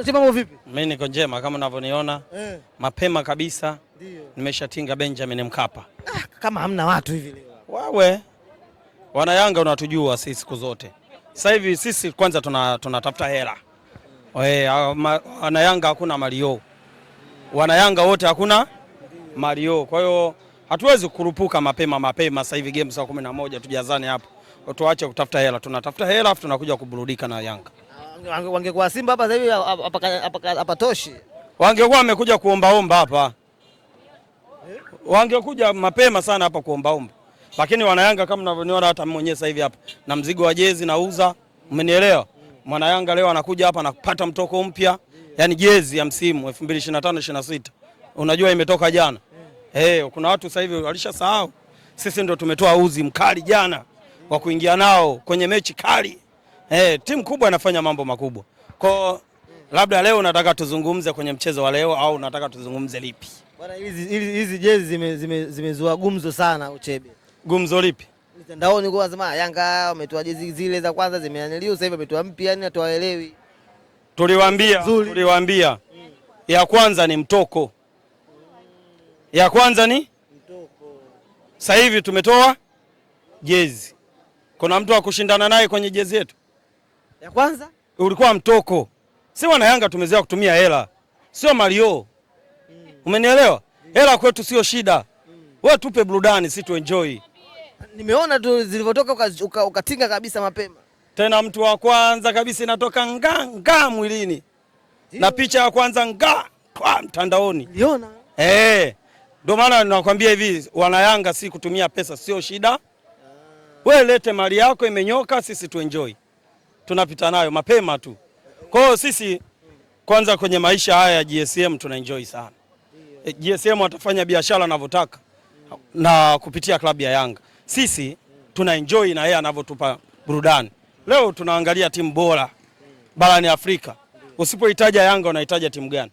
Msimamo vipi? Mimi niko njema kama unavyoniona eh. Mapema kabisa nimeshatinga Benjamin Mkapa. Ah, kama hamna watu hivi leo. Wawe wana Yanga unatujua sisi siku zote. Sasa hivi sisi kwanza tunatafuta tuna hela mm. wana Yanga hakuna Mario, wana Yanga wote hakuna Mario, kwa hiyo hatuwezi kukurupuka mapema mapema. Sasa hivi game saa kumi na moja tujazane hapo, tuache kutafuta hela, tunatafuta hela afu tunakuja kuburudika na Yanga wangekuwa Simba hapa sasa hivi hapatoshi, wangekuwa wamekuja kuombaomba hapa, eh? wangekuja mapema sana hapa kuombaomba, lakini wanayanga kama mnavyoniona, hata mwenyewe sasa hivi hapa na mzigo wa jezi nauza, umenielewa? Mwanayanga leo anakuja hapa anapata mtoko mpya, yani jezi ya msimu 2025 26 unajua imetoka jana. Hey, eh. eh, kuna watu sasa hivi walishasahau, sisi ndio tumetoa uzi mkali jana wa kuingia nao kwenye mechi kali Eh, timu kubwa inafanya mambo makubwa. Kwa labda leo unataka tuzungumze kwenye mchezo wa leo au unataka tuzungumze lipi? Bwana, hizi hizi jezi zimezua zime, zime gumzo sana Uchebe. Gumzo lipi? Mitandaoni kwa sema Yanga wametoa jezi zile za kwanza zimeaniliwa sasa hivi wametoa mpya yani hatuwaelewi. Tuliwaambia, tuliwaambia. Hmm. Ya kwanza ni mtoko. Hmm. Ya kwanza ni mtoko. Sasa hivi tumetoa jezi. Kuna mtu wa kushindana naye kwenye jezi yetu? Ya kwanza ulikuwa mtoko, si wana Yanga tumezoea kutumia hela, sio malio mm. Umenielewa? mm. Hela kwetu sio shida mm. Wewe tupe burudani, si enjoy. Nimeona tu zilivyotoka ukatinga uka, uka kabisa mapema, tena mtu wa kwanza kabisa inatoka nga nga mwilini na picha ya kwanza nga kwa mtandaoni niona. eh, ndio maana nakwambia hivi wana Yanga si kutumia pesa sio shida. Ah. Wewe lete mali yako imenyoka, sisi enjoy tunapita nayo mapema tu. Kwa hiyo sisi kwanza kwenye maisha haya ya GSM tuna enjoy sana. Eh, GSM watafanya biashara anavyotaka na kupitia klabu ya Yanga, sisi tuna enjoy na yeye anavyotupa burudani. Leo tunaangalia timu bora barani Afrika. Usipohitaja Yanga unahitaja timu gani?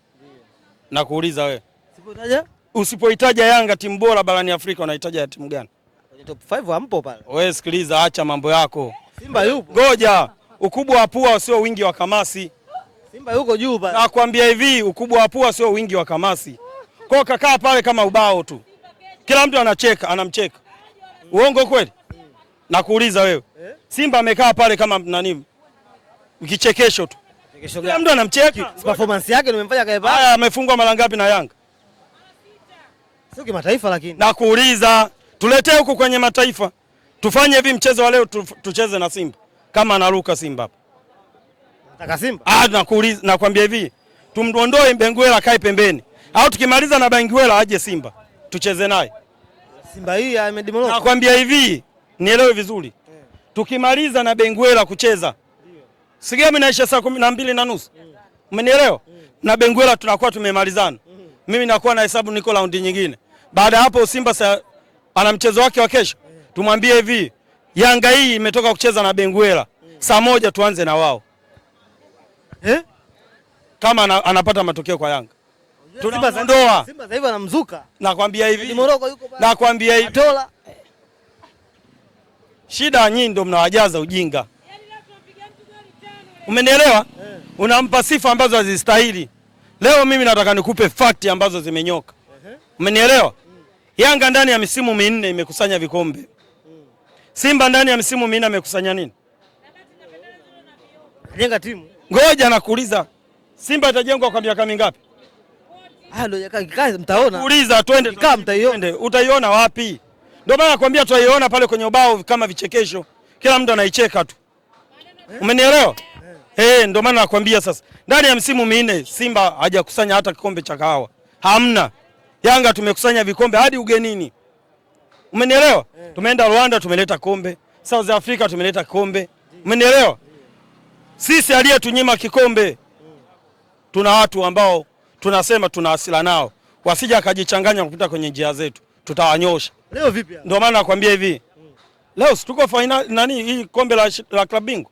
Na kuuliza wewe, usipohitaja Yanga timu bora barani Afrika unahitaja timu gani? Kwenye Top 5 hampo pale. Wewe sikiliza, acha mambo yako. Simba yupo. Ngoja ukubwa wa pua sio wingi wa kamasi. Simba yuko juu pale. Nakwambia hivi ukubwa wa pua sio wingi wa kamasi. Kwa kakaa pale kama ubao tu, kila mtu anacheka, anamcheka. Uongo kweli? Nakuuliza wewe, eh? Simba amekaa pale kama nani, kichekesho tu, kila mtu anamcheka. Performance yake nimemfanya kae pale. Haya, amefungwa mara ngapi na Yanga? Sio kimataifa lakini. Nakuuliza, tuletee huku kwenye mataifa, tufanye hivi mchezo wa leo tucheze na Simba kama anaruka Simba hapo. Nataka Simba? Ah, nakuuliza nakwambia hivi. Tumdondoe Benguela kae pembeni. Au tukimaliza na Benguela aje Simba. Tucheze naye. Simba hii imedimoloka. Nakwambia hivi, nielewe vizuri. Tukimaliza na Benguela kucheza. Sigemi inaisha saa kumi na mbili na nusu. Umenielewa? Na Benguela tunakuwa tumemalizana. Mimi nakuwa na hesabu niko raundi nyingine. Baada hapo Simba sa, ana mchezo wake wa kesho. Tumwambie hivi Yanga hii imetoka kucheza na Benguela, saa moja tuanze na wao eh? Kama anapata matokeo kwa Yanga tunaondoa Simba. Sasa hivi anamzuka, nakwambia hivi, Moroko yuko bado, nakwambia hivi dola. Shida nyinyi ndio mnawajaza ujinga, umenielewa? Eh. Unampa sifa ambazo hazistahili. Leo mimi nataka nikupe fakti ambazo zimenyoka, umenielewa? Yanga ndani ya misimu minne imekusanya vikombe Simba ndani ya msimu minne amekusanya nini? Jenga timu. Ngoja nakuuliza. Simba itajengwa kwa miaka mingapi? Ah, ndio kaka mtaona. twende. Kama mtaiona. Utaiona wapi? Ndio maana nakwambia tutaiona pale kwenye ubao kama vichekesho. Kila mtu anaicheka tu. Eh? Umenielewa? Eh. eh, ndio maana nakwambia sasa. Ndani ya msimu minne Simba hajakusanya hata kikombe cha kahawa. Hamna. Yanga tumekusanya vikombe hadi ugenini. Umenielewa? Tumeenda Rwanda tumeleta kombe, South Africa tumeleta kombe. Umenielewa? Sisi aliyetunyima kikombe, tuna watu ambao tunasema tuna asila nao, wasija akajichanganya kupita kwenye njia zetu, tutawanyosha. Leo vipi? Ndio maana nakwambia hivi leo tuko final nani hii kombe la, la klabu bingwa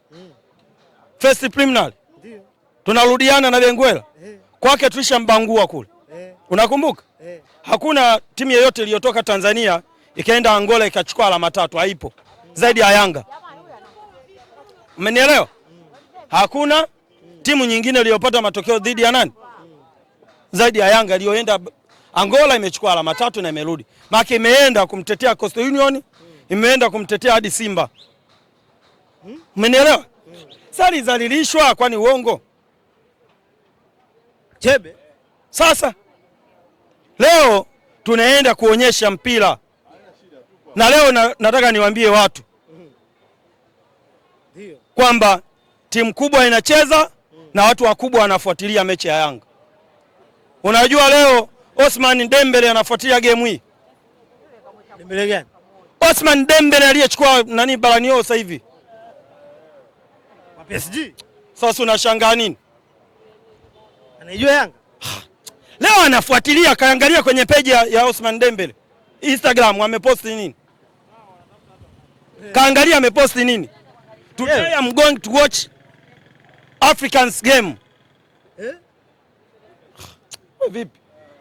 first preliminary tunarudiana na Benguela eh. kwake tulishambangua kule, eh. unakumbuka? Eh. Hakuna timu yoyote iliyotoka Tanzania ikaenda Angola ikachukua alama tatu, haipo zaidi ya Yanga. Mmenielewa? Hakuna timu nyingine iliyopata matokeo dhidi ya nani zaidi ya Yanga iliyoenda Angola imechukua alama tatu na imerudi. Maana imeenda kumtetea Coastal Union, imeenda kumtetea hadi Simba. Mmenielewa? Sasa lizalilishwa kwani uongo. Chebe. Sasa leo tunaenda kuonyesha mpira na leo na, nataka niwaambie watu kwamba timu kubwa inacheza na watu wakubwa wanafuatilia mechi ya Yanga. Unajua leo Osman Dembele anafuatilia game hii. Dembele gani? Osman Dembele aliyechukua nani balanio sasa hivi wa PSG. Sasa unashangaa nini? Anaijua Yanga. Leo anafuatilia, kaangalia kwenye peji ya Osman Dembele Instagram, ameposti nini? Kaangalia ameposti nini? Today yeah. I'm going to watch Africans game. Eh? Ah, vipi?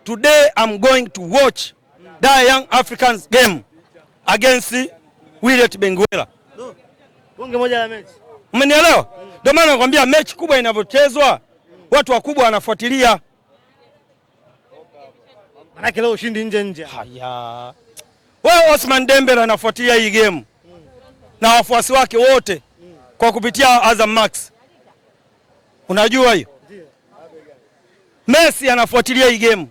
Today I'm going to watch the Young Africans game against Willet Benguela. No. Bonge moja la mechi. Umenielewa? Ndio maana nakwambia mechi kubwa inavyochezwa watu wakubwa wanafuatilia. Manake leo ushindi nje nje. Haya. Wewe Osman Dembele anafuatilia hii game na wafuasi wake wote kwa kupitia Azam Max. Unajua hiyo Messi anafuatilia hii game,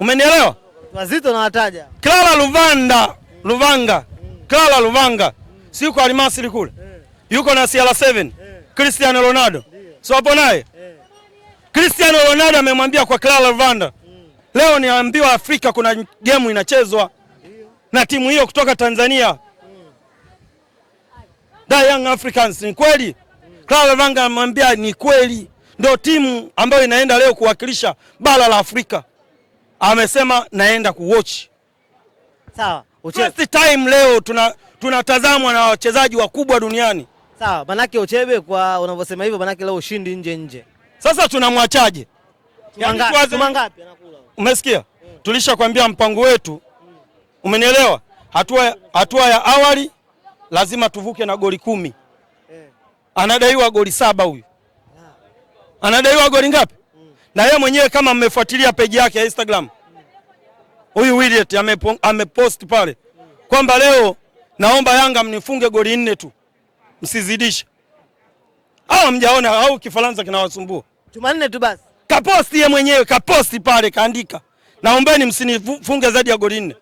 umenielewa? Wazito na wataja Clara Luvanda Luvanga, Clara Luvanga yuko Almasri kule yuko na CR7 Cristiano Ronaldo, so hapo naye Cristiano Ronaldo amemwambia kwa Clara Luvanda, leo niambiwa Afrika kuna game inachezwa na timu hiyo kutoka Tanzania da Young Africans. Ni kweli Clara Vanga amwambia ni kweli, ndio timu ambayo inaenda leo kuwakilisha bara la Afrika. Amesema naenda kuwatch. Sawa. First time leo tuna tunatazamwa na wachezaji wakubwa duniani. Sawa, manake Ochebe kwa unavyosema hivyo manake leo ushindi nje nje. Sasa tunamwachaje? Yaani anakula? Umesikia? Hmm. Tulishakwambia mpango wetu Umenielewa? Hatua, hatua ya awali lazima tuvuke na goli kumi. Anadaiwa goli saba huyu, anadaiwa goli ngapi? Na yeye mwenyewe kama mmefuatilia peji yake ya Instagram huyu Williet amepost pale kwamba leo naomba Yanga mnifunge goli nne tu, msizidishe. Hawa mjaona au Kifaransa kinawasumbua Jumanne tu basi. Kaposti yeye mwenyewe kaposti pale kaandika, naombeni msinifunge zaidi ya goli nne.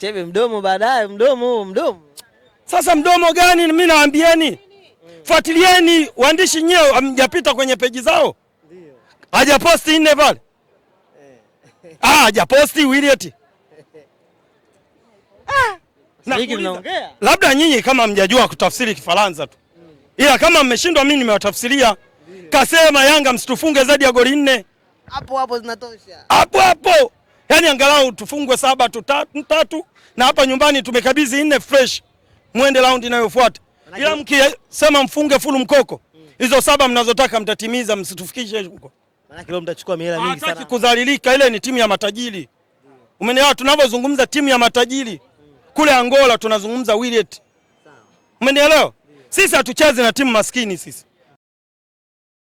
Chebe mdomo baadaye, mdomo mdomo. Sasa mdomo gani? Mimi naambieni, fuatilieni waandishi nyewe, hamjapita kwenye peji zao, ndio hajaposti nne pale eh. Ah, hajaposti Williet. Ah, ah labda nyinyi kama mjajua kutafsiri Kifaransa tu, mm. ila kama mmeshindwa, mimi nimewatafsiria. Kasema Yanga msitufunge zaidi ya goli nne, hapo hapo zinatosha, hapo hapo Yaani angalau tufungwe saba tatu, na hapa nyumbani tumekabidhi nne fresh, muende raundi inayofuata, ila mkisema mfunge fulu mkoko hizo mm, saba mnazotaka mtatimiza, msitufikishe huko, maana leo mtachukua mihela mingi sana. Hataki kudhalilika, ile ni timu ya matajiri mm. Umenielewa, tunavyozungumza timu ya matajiri mm, kule Angola tunazungumza Willet, umenielewa? Sisi hatuchezi na timu maskini sisi